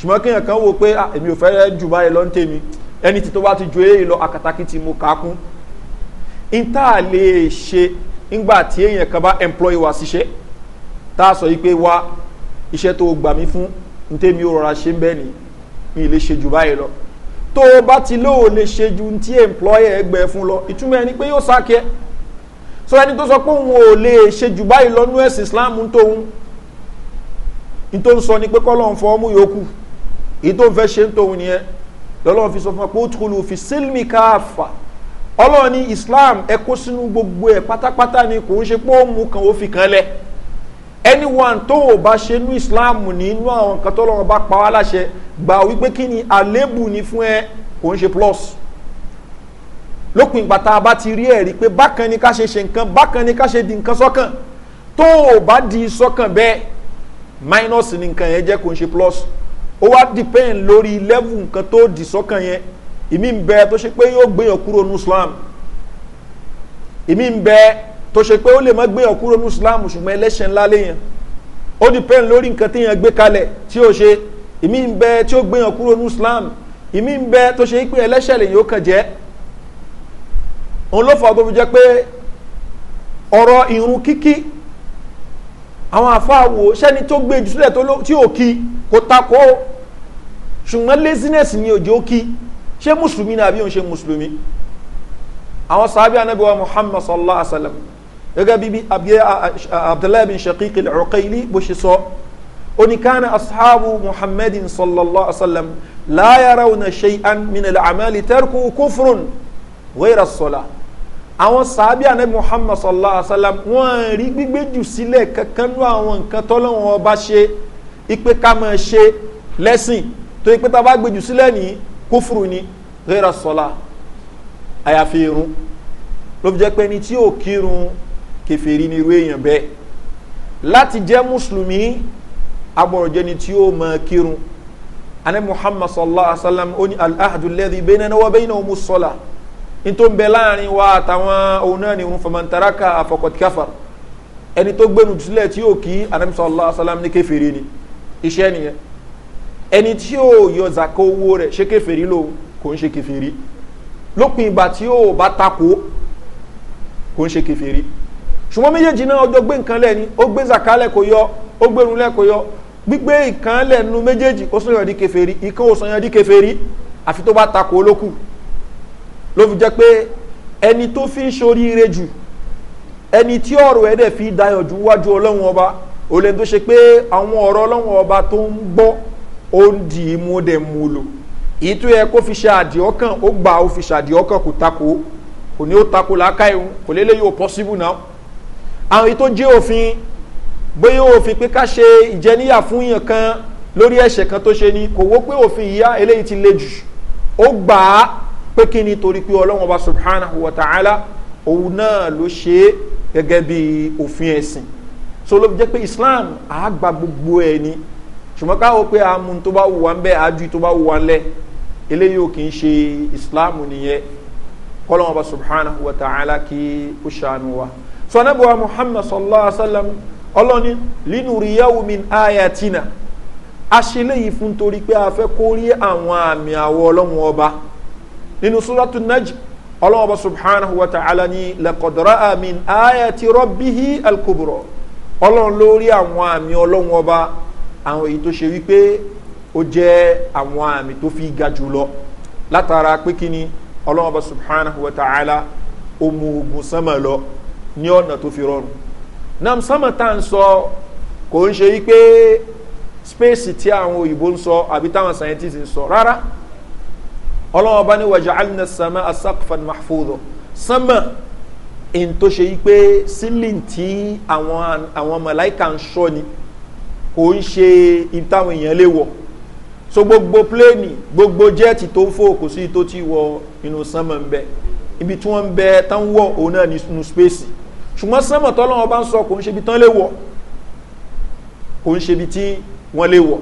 ṣùgbọ́n kéèyàn kan wo pé èmi ò fẹ́ jù báyìí lọ ń tèmi ẹni tí tó bá ti ju eléyìí lọ akatakí ti mo kà á kún n tá a lè ṣe ńgbà tí èèyàn kan bá employ wa ṣiṣẹ́ tá a sọ yìí pé wá iṣẹ́ tó gbà mí fún n tèmi ò rọra ṣe ń bẹ́ẹ̀ ni mi ì lè ṣe jù báyìí lọ tó o bá ti lóò lè ṣe ju ti employer ẹgbẹ́ fún lọ ìtumọ̀ ẹni pé yóò sákẹ́ sọ ẹni tó sọ pé òun ò lè ṣe jù báyìí lọ nú ẹ̀sìn islam ń tó ń sọ ni pé kọ́ lọ́n fọ́ ọmú yòókù èyí tó ń fẹ́ ṣe ń tóun nìyẹn lọ́lọ́run fi sọ fún wa pé ó tún lù fi sílmì káàfà ọlọ́run ní islam ẹ kó sínú gbogbo ẹ̀ pátápátá ni kò ń ṣe pé ó mú kan ó fi kan lẹ̀ anyone tó o bá ṣe nú islam nínú àwọn nǹkan tó lọ́wọ́ bá pa wá láṣẹ gbà wípé kí ni àlébù ni fún ẹ kò ń ṣe plus lópin ìgbà tá a bá ti rí ẹ̀rí pé bákan ni ká ṣe ṣe nǹkan bákan ni ká ṣe di nǹkan sọ́kàn tó o bá di sọ́kàn bẹ́ẹ̀ minus ni nǹkan yẹn jẹ́ kò ń ṣe plus ó wá depend lórí level nǹkan tó dì sọ́kàn yẹn ìmí ń bẹ tó ṣe pé yóò gbéyàn kúrò ní islam ìmí ń bẹ tó ṣe pé ó lè má gbéyàn kúrò ní islam ṣùgbọ́n ẹlẹ́ṣẹ̀ ńlá léyàn ó depend lórí nǹkan téèyàn gbé kalẹ̀ tí ó ṣe ìmí ń bẹ tí ó gbéyàn kúrò ní islam ìmí ń bẹ tó ṣe pé ẹlẹ́ṣẹ̀ lèyìn ó kàn jẹ́ òun ló fà tó jẹ́ pé ọ̀rọ̀ ìrun kíkí àwọn àfáàwò sẹ́ni tó gbé jù sílẹ̀ tí ò kí kò takò ó ṣùgbọ́n laziness ni òjò kí ṣé mùsùlùmí ni àbí òun ṣe mùsùlùmí àwọn sàábì anábíwá muhammad sallallahu alaihi wa sallam gẹ́gẹ́ bí abdullahi bin shaqiq al-uqayli bó ṣe sọ oníkànnà asaabu muhammadin sallallahu alaihi wa sallam láyàrá òun ṣe an min al-amali kúfurun wẹ́rẹ́ sọ́la àwọn sàábì anabi muhammad sallallahu alaihi wa sallam wọn rí gbígbé jù sílẹ̀ kankan nú àwọn nǹkan tọ́lọ́wọ́n ọba ṣe ipe ká máa ṣe lẹ́sìn tó ipe tá a bá gbé jù sílẹ̀ ní kófùrù ni rẹ́rà sọ́la àyàfi irun ló fi jẹ́ pé ẹni tí ò kírun kẹfẹ́rí ni irú èèyàn bẹ́ẹ̀ láti jẹ́ mùsùlùmí agbọ̀rọ̀jẹni tí ó máa kírun anabi muhammad sallallahu alaihi wa sallam ó ní alahadu bẹ́ẹ̀ náà wọ́n bẹ́ẹ̀ náà mú sọ́la tó ń bẹ láàrin wa àtàwọn òun náà ni òun fọmọntaraka àfọkọtìkáfà ẹni tó gbẹnu sílẹ̀ tí yóò kí anamisọ́lá sálámù ní kẹfìrí ni iṣẹ́ nìyẹn ẹni tí yóò yọ zaka owó rẹ̀ ṣé kẹfìrí ló kò ń ṣe kẹfìrí lópin ìgbà tí yóò bá takò kò ń ṣe kẹfìrí ṣùgbọ́n méjèèjì náà ọjọ́ gbé nǹkan lẹ́ni ó gbé zaka lẹ́kọ̀ọ́ yọ ó gbẹ̀rún lẹ́kọ̀ọ́ yọ gbígbé ìkan lẹ́nu méjèèjì ó sọ̀yàn ló fi jẹ́ pé ẹni tó fi ń ṣoríire jù ẹni tí ọ̀rọ̀ ẹ̀ dẹ̀ fi dayọ̀ ju wájú ọlọ́run ọba olè tó ṣe pé àwọn ọ̀rọ̀ ọlọ́run ọba tó ń gbọ́ ó ń di imú dẹ̀ mú lò èyí tó yẹ kó fi ṣe àdìọ́kàn ó gbà ó fi ṣàdìọ́kàn kò takò kò ní ó takò lákàá ìhun kò lélẹ́yìí ò possible now àwọn èyí tó jẹ́ òfin bóyá òfin pé ká ṣe ìjẹníyà fún yàn kan lórí ẹ̀ṣẹ̀ kan tó ṣe ni kò wó pé òfin ìyá eléyìí ti le jù ó gbà á pé kí ni torí pé ọlọ́run ọba subhanahu wa ta'ala òun náà ló ṣe é gẹ́gẹ́ bí òfin ẹ̀sìn so ló jẹ́ pé islam àgbà gbogbo ẹ̀ ni ṣùgbọ́n káwọ́ pé àmú tó bá wù wá ń bẹ́ àájú tó bá wù wá ń lẹ̀ eléyìí ò kì í ṣe islam nìyẹn kọ́lọ́run ọba subhanahu wa ta'ala kí ó ṣàánú wa sanabuwa muhammad sallallahu alaihi wa sallam ọlọ́ni linuriyahu min ayatina a ṣe léyìí fún torí pé a fẹ́ kórí àwọn àmì àwọ̀ ọlọ́run ọba nínú súrọ́tù najj ọlọ́wọ́ba subhanahu wa ta'ala ni lakọ̀dọ̀rọ̀ àmì ayé ti rọ́bìhí alkuburo ọlọ́run lórí àwọn àmì ọlọ́run ọba àwọn èyí tó ṣe wípé ó jẹ́ àwọn àmì tó fi ga jù lọ látara pé kí ni ọlọ́wọ́ba subhanahu wa ta'ala ó mu ogun sánmà lọ ní ọ̀nà tó fi rọrùn nam sánmà tá à sọ kò ń ṣe wípé spéèsì tí àwọn òyìnbó ń sọ àbí táwọn scientists ń sọ rárá ọlọ́wọ́n bá ní wàjà alina sama asakfan mahfudo sama in tó ṣe yí pé sílìn tí àwọn mọ̀láìkà ń ṣọ́ ni kò ń ṣe ibi táwọn èèyàn lè wọ̀ so gbogbo pléènì gbogbo jẹ́ẹ̀tì tó ń fò kò sí tó ti wọ inú sánmọ̀ ń bẹ ibi tí wọ́n ń bẹ tán wọ̀ òun náà nínú spéèsì ṣùgbọ́n sánmọ̀ tọ́lọ́wọ́n bá ń sọ kò ń ṣe ibi tán lè wọ̀ kò ń ṣe ibi tí wọ́n lè wọ̀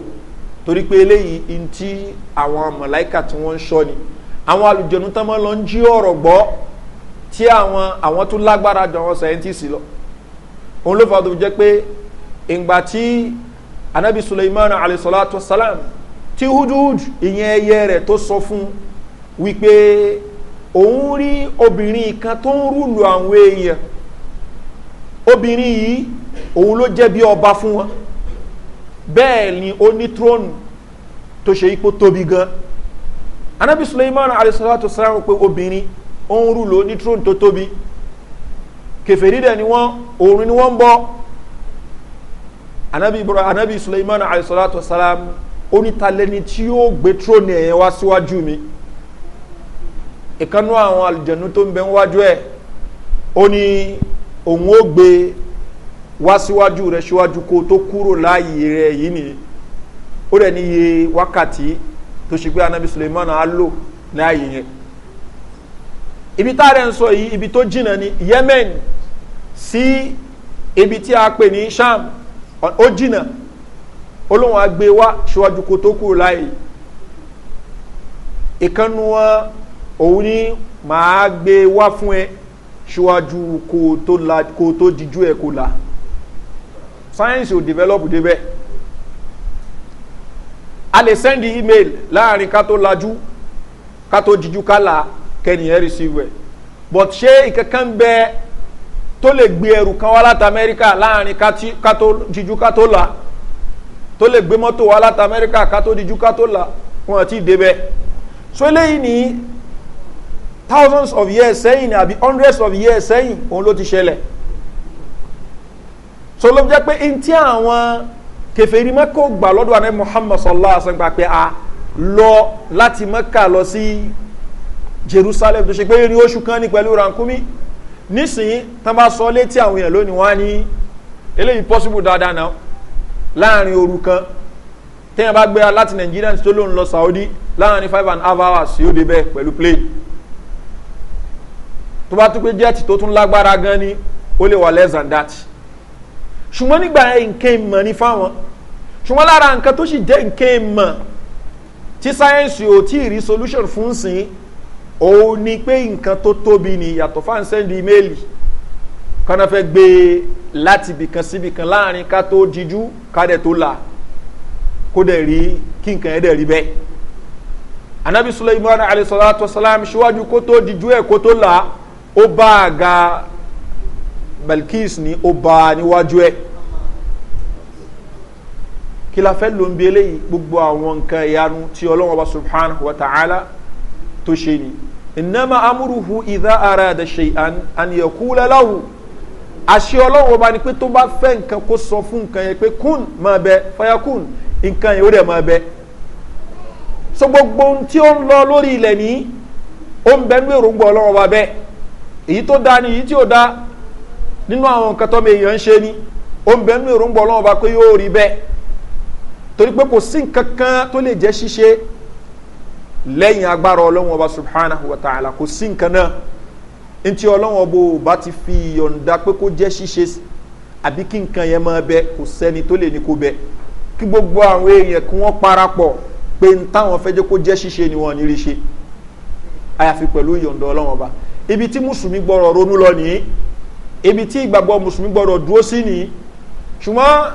torí pé eléyìí ntí àwọn mọ̀láìkà tí wọ́n ń sọ ni àwọn alùjẹ̀nu tán máa lọ ń jí ọ̀rọ̀ gbọ́ tí àwọn àwọn tó lágbára jọ àwọn sáyẹ́ntìsì lọ òun ló fà tó jẹ́ pé ìgbà tí anabi suleiman alayhisalatu salam ti hudhud ìyẹn ẹyẹ rẹ̀ tó sọ fún wípé òun rí obìnrin kan tó ń rúlu àwọn èèyàn obìnrin yìí òun ló jẹ́ bí ọba fún wọn bẹ́ẹ̀ ni ó ní tróònù tó ṣe ipò tóbi gan anabi suleiman alisalatu sarahu pé obìnrin ó rúlò ní tróònù tó tóbi kẹfẹ́rí dẹ̀ ni wọ́n òòrùn ni wọ́n ń bọ́ anabi ibrahim anabi suleiman alisalatu sarahu onítalẹ́ni tí yóò gbé tróònù ẹ̀yẹn wá síwájú mi ìkànnú àwọn àlùjẹ̀nu tó ń bẹ ń wájú ẹ̀ ó ní òun ó gbé wá síwájú rẹ síwájú kó tó kúrò láàyè rẹ yìí ni ó rẹ níye wákàtí tó ṣe pé anabi suleiman á lò láàyè yẹn ibi tá a rẹ ń sọ yìí ibi tó jìnnà ní yemen sí ibi tí a pè ní sham ó jìnnà olóhùn agbe wá síwájú kó tó kúrò láàyè ìkànnù wọn òun ni màá gbé wá fún ẹ síwájú kó tó dijú ẹ kó la. Koto science will develop débẹ̀ a lè send email láàrin ká tó lajú ká tó jíjú la kẹ́nìyàn receive ẹ̀ but ṣé ìkankan bẹ tó lè gbé ẹrù kan wá láti amẹ́ríkà láàrin ká tó jíjú la tó lè gbé mọ́tò wá láti amẹ́ríkà ká tó jíjú ká tó la wọn àti débẹ̀ so eléyìí ní thousands of years sẹ́yìn àbí hundreds of years sẹ́yìn òun ló ti ṣẹlẹ̀ so ló jẹ́ pé n tí àwọn kẹfẹ́rí mẹ́kà gbà lọ́dọ̀ àná muhammad sallallahu alaihi wa pé a lọ láti mẹ́kà lọ sí jerusalem tó ṣe pé irin oṣù kan ní pẹ̀lú rankumi nísìnyí tán bá sọ létí àwọn èèyàn lónìí wọ́n á ní eléyìí possible dáadáa náà láàrin ooru kan téèyàn bá gbéra láti nàìjíríà tó lóun lọ saudi láàrin five and a half hours yóò dé bẹ́ẹ̀ pẹ̀lú plane tó bá tún pé jẹ́ẹ̀tì tó tún lágbára gan ni ó lè wà less than that ṣùgbọ́n nígbà nǹkan ìmọ̀ ni fáwọn ṣùgbọ́n lára nǹkan tó sì jẹ́ nǹkan ìmọ̀ tí sáyẹ́nsì ò tí ì rí solution fún sìn òun ni pé nǹkan tó tóbi ni yàtọ̀ fáwọn sẹ́ndì ímeèlì kan náà fẹ́ gbé e láti ibìkan síbìkan láàrin ká tó díjú ká dẹ̀ tó la kó dẹ̀ rí kí nǹkan ẹ̀ dẹ̀ rí bẹ́ẹ̀ anabi suleiman alayhisalatu wasalam ṣíwájú kó tó díjú ẹ̀ kó tó la ó bá a ga balkis ni ó bá a níwájú ẹ̀ kí la fẹ́ ló ń bi eléyìí gbogbo àwọn nǹkan ìyanu tí ọlọ́wọ́n bá subhanahu wa ta'ala tó ṣe ni ìnáma amúrùhù ìdá ara ẹ̀dá ṣe àníyànkúlẹ̀ láwù àṣẹ ọlọ́wọ́n bá ní pé tó bá fẹ́ nǹkan kó sọ fún nǹkan yẹn pé kún máa bẹ fọyà kún nǹkan yẹn ó dẹ̀ máa bẹ so gbogbo ohun tí ó ń lọ lórí ilẹ̀ ní ó ń bẹ nú èròǹgbà ọlọ́wọ́n èyí tó dáa ni èyí tí ò dáa nínú àwọn nǹkan tọ́mọ èèyàn ń ni ó ń bẹ nú èròǹgbà ọlọ́wọ́n bá pé yóò rí bẹ́ẹ̀ torí pé kò sí nǹkan kan tó lè jẹ́ ṣíṣe lẹ́yìn agbára ọlọ́run ọba subhanahu wa ta'ala kò sí nǹkan náà ntí ọlọ́run ọba ò bá ti fi yọ̀ǹda pé kó jẹ́ ṣíṣe àbí kí nǹkan yẹn máa bẹ kò sẹ́ni tó lè ní kó bẹ kí gbogbo àwọn èèyàn kí wọ́n parapọ̀ pé n táwọn fẹ́ jẹ́ kó jẹ́ ṣíṣe ni wọ́n ní rí ṣe àyàfi pẹ̀lú yọ̀ǹda ọlọ́run ọba ibi tí mùsùlùmí gbọ́rọ̀ ronú lọ nìyí ibi tí ìgbàgbọ́ mùsùlùmí gbọ́rọ̀ dúró sí nìyí ṣùgbọ́n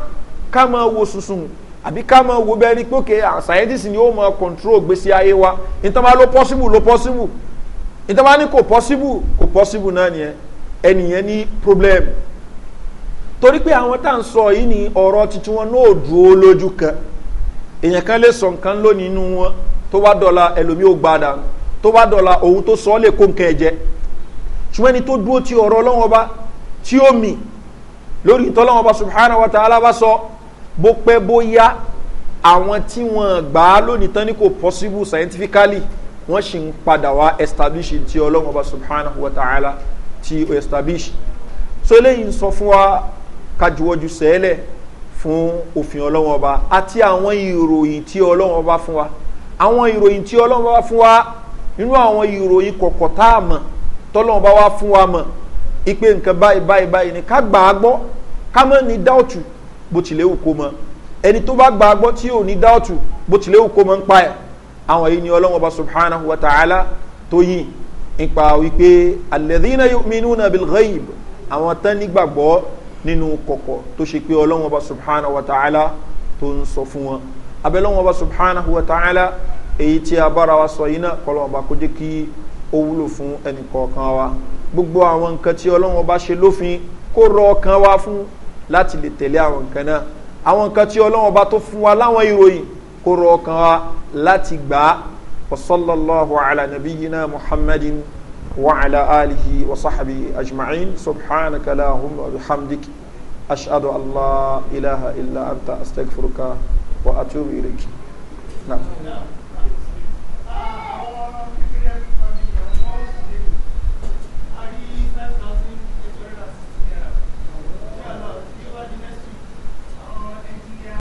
ká máa wo sùsùn àbí ká máa wo bẹ́ẹ̀ ni pé òkè scientist ni ó máa control gbèsè ayé wa nítorí ló possible ló possible nítorí wọn kò possible kò possible náà nìyẹn ẹnìyẹn ní problem torí pé àwọn tá à ń sọ yìí ni ọ̀rọ̀ tuntun wọn náà dúró lójú kan èèyàn kan lè sọ nǹkan lónìí inú wọn tó bá dọ̀la ẹlòmíì ò gbada tó bá dọ̀la òun tó sọ ọ́ lè kó nǹkan ẹ̀ ṣùgbọ́n ẹni tó dúró ti ọ̀rọ̀ ọlọ́wọ́n bá tí ó mì lórí ìtọ́lọ́wọ́n bá subhanahu wa ta'ala bá sọ. So, bó pẹ́ bó yá àwọn tí wọ́n gbà á lónìí tán ní kò possible scientifically wọ́n sì ń padà wá establish ti ọlọ́run ọba subhanahu wa ta'ala ti establish so eléyìí ń sọ fún wa kájúwọ́jú sẹ́lẹ̀ fún òfin ọlọ́run ọba àti àwọn ìròyìn tí ọlọ́run ọba fún wa àwọn ìròyìn tí ọlọ́run ọba fún wa nínú àwọn ìròyìn kọ̀kọ̀ tá a mọ̀ tọ́lọ́run ọba wa fún wa mọ̀ ipe nǹkan báyìí báyìí báyìí ni ká gbà á gbọ́ ká mọ̀ ní dáòtù bó tilẹ̀ wù kó mọ ẹni tó bá gba agbọ́ tí ò ní dáòtù bó tilẹ̀ wù kó mọ ń pa ẹ̀ àwọn yìí ni ọlọ́wọ́n bá subhanahu wa ta'ala tó yìn nípa wípé alẹ́dínà mínú na bilghaib àwọn tán nígbàgbọ́ nínú kọ̀kọ̀ tó ṣe pé ọlọ́wọ́n bá wa ta'ala tó ń sọ fún wọn abẹ́lọ́wọ́n bá wa ta'ala èyí tí a bára wa sọ yìí náà kọlọ́wọ́n kó jẹ́ kí ó wúlò fún ẹnì kọ̀ọ̀kan wa gbogbo àwọn nǹkan tí ọlọ́wọ́n ṣe lófin kó rọ ọkàn wa fún láti lè tẹ̀lé àwọn nǹkan náà àwọn nǹkan tí ọlọ́wọ́n bá tó fún wa láwọn ìròyìn kó rọ ọkàn wa láti gbà á wasallallahu ala nabiyina muhammadin wa ala alihi wa sahabi ajma'in subhanaka humna bihamdik ashadu allah ilaha illa anta astaghfiruka wa atubu ilayk. Naam. No.